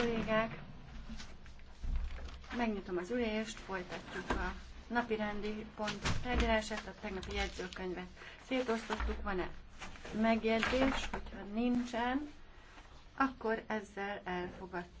kollégák! Megnyitom az ülést, folytatjuk a napi rendi pontok tárgyalását, a tegnapi jegyzőkönyvet szétosztottuk, van-e megjegyzés, hogyha nincsen, akkor ezzel elfogadtuk.